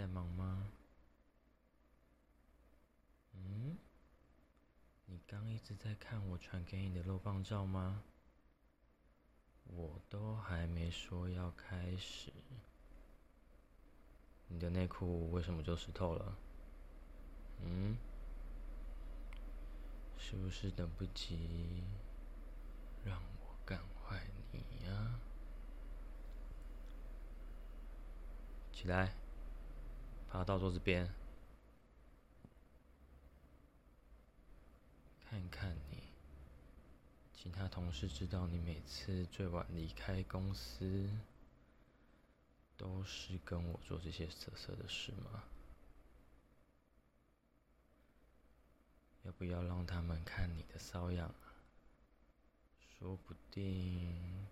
在忙嗎？嗯？你剛一直在看我傳給你的肉棒照嗎？我都還沒說要開始，你的內褲為什麼就濕透了？嗯？是不是等不及讓我幹壞你呀、啊？起來。趴到桌子邊，看看你。其他同事知道你每次最晚離開公司，都是跟我做這些瑟瑟的事嗎？要不要讓他們看你的騷樣啊？說不定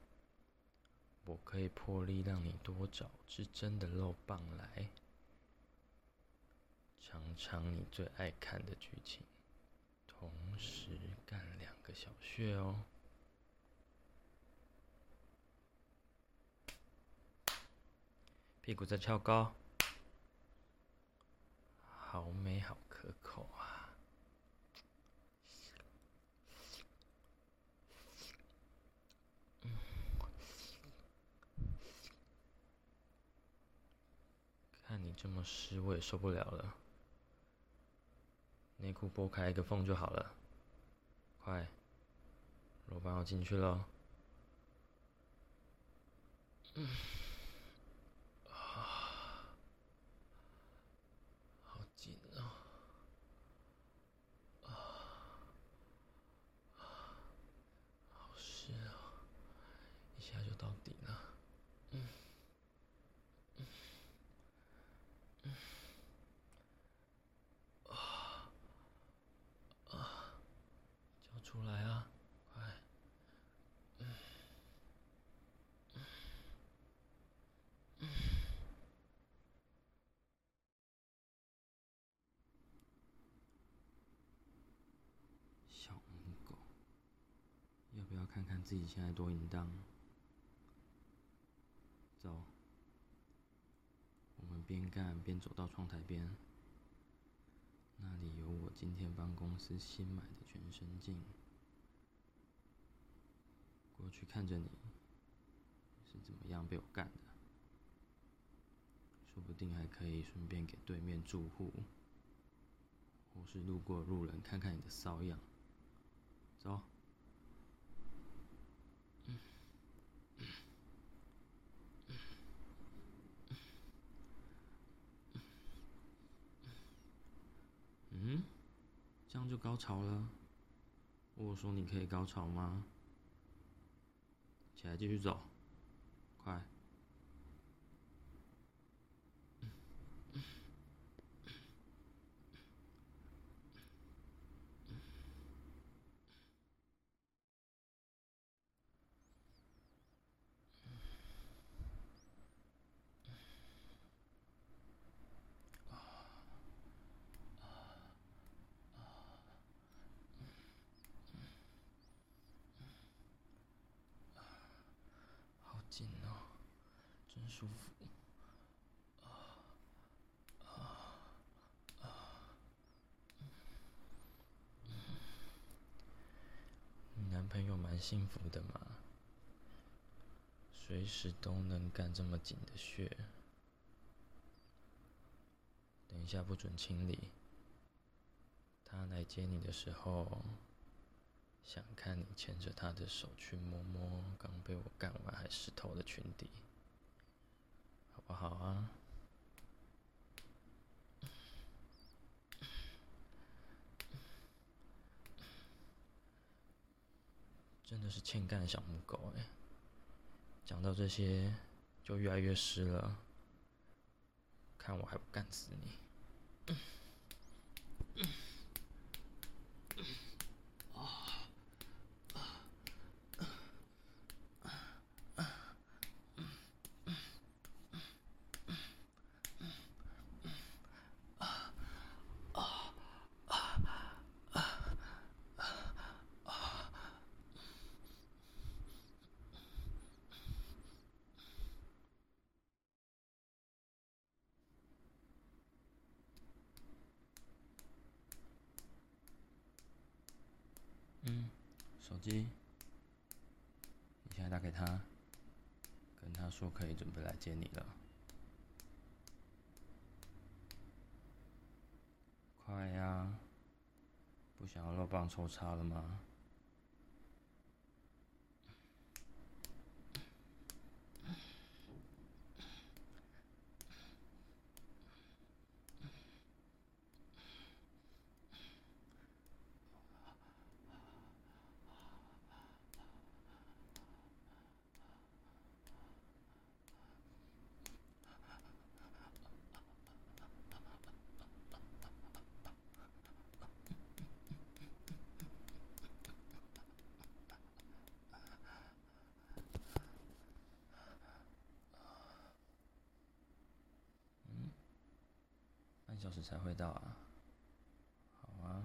我可以破例讓你多找隻真的肉棒來。嘗嘗你最愛看的劇情，同時幹兩個小穴哦。屁股再翹高，好美好可口啊！嗯，看你這麼濕，我也受不了了。內褲撥開一個縫就好了，快，快， 老闆，我進去嘍。看看自己現在多淫蕩。走，我們邊幹邊走到窗台邊，那裡有我今天幫公司新買的全身鏡。過去看着你是怎麼樣被我幹的，說不定還可以順便給對面住戶，或是路過路人看看你的騷樣。走。這樣就高潮了。我有說，你可以高潮嗎？起來，繼續走，快！緊哦，真舒服。你男朋友蠻幸福的嘛，隨時都能幹這麼緊的穴。等一下不准清理，他來接你的時候。想看你牽着他的手去摸摸剛被我幹完還濕透的裙底，好不好啊？真的是欠幹的小母狗哎！講到這些就越來越濕了，看我還不幹死你！手機，你現在打給他，跟他說可以準備來接你了。快呀！啊，不想要肉棒抽插了嗎？小時才會到啊？好啊，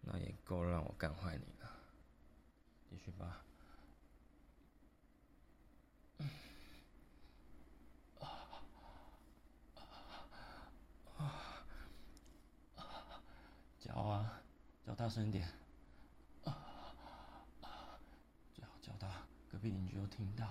那也夠讓我幹壞你了，繼續吧。啊啊啊啊啊叫啊，叫大聲點，啊啊最好叫到，隔壁鄰居都聽到。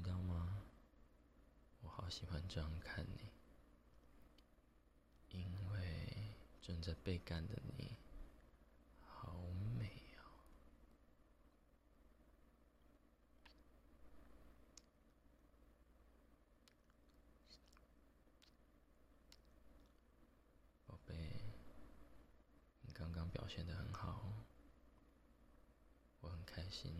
知道嗎？我好喜歡這樣看你，因為正在被幹的你，好美啊，寶貝，你剛剛表現得很好，我很開心。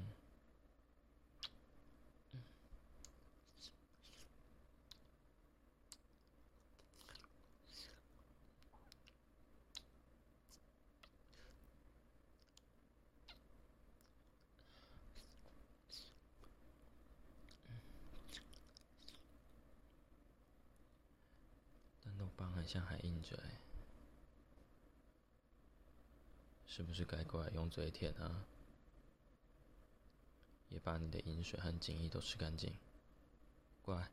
像還硬嘴，是不是該過來用嘴舔啊？也把你的淫水和精液都吃乾淨，過來。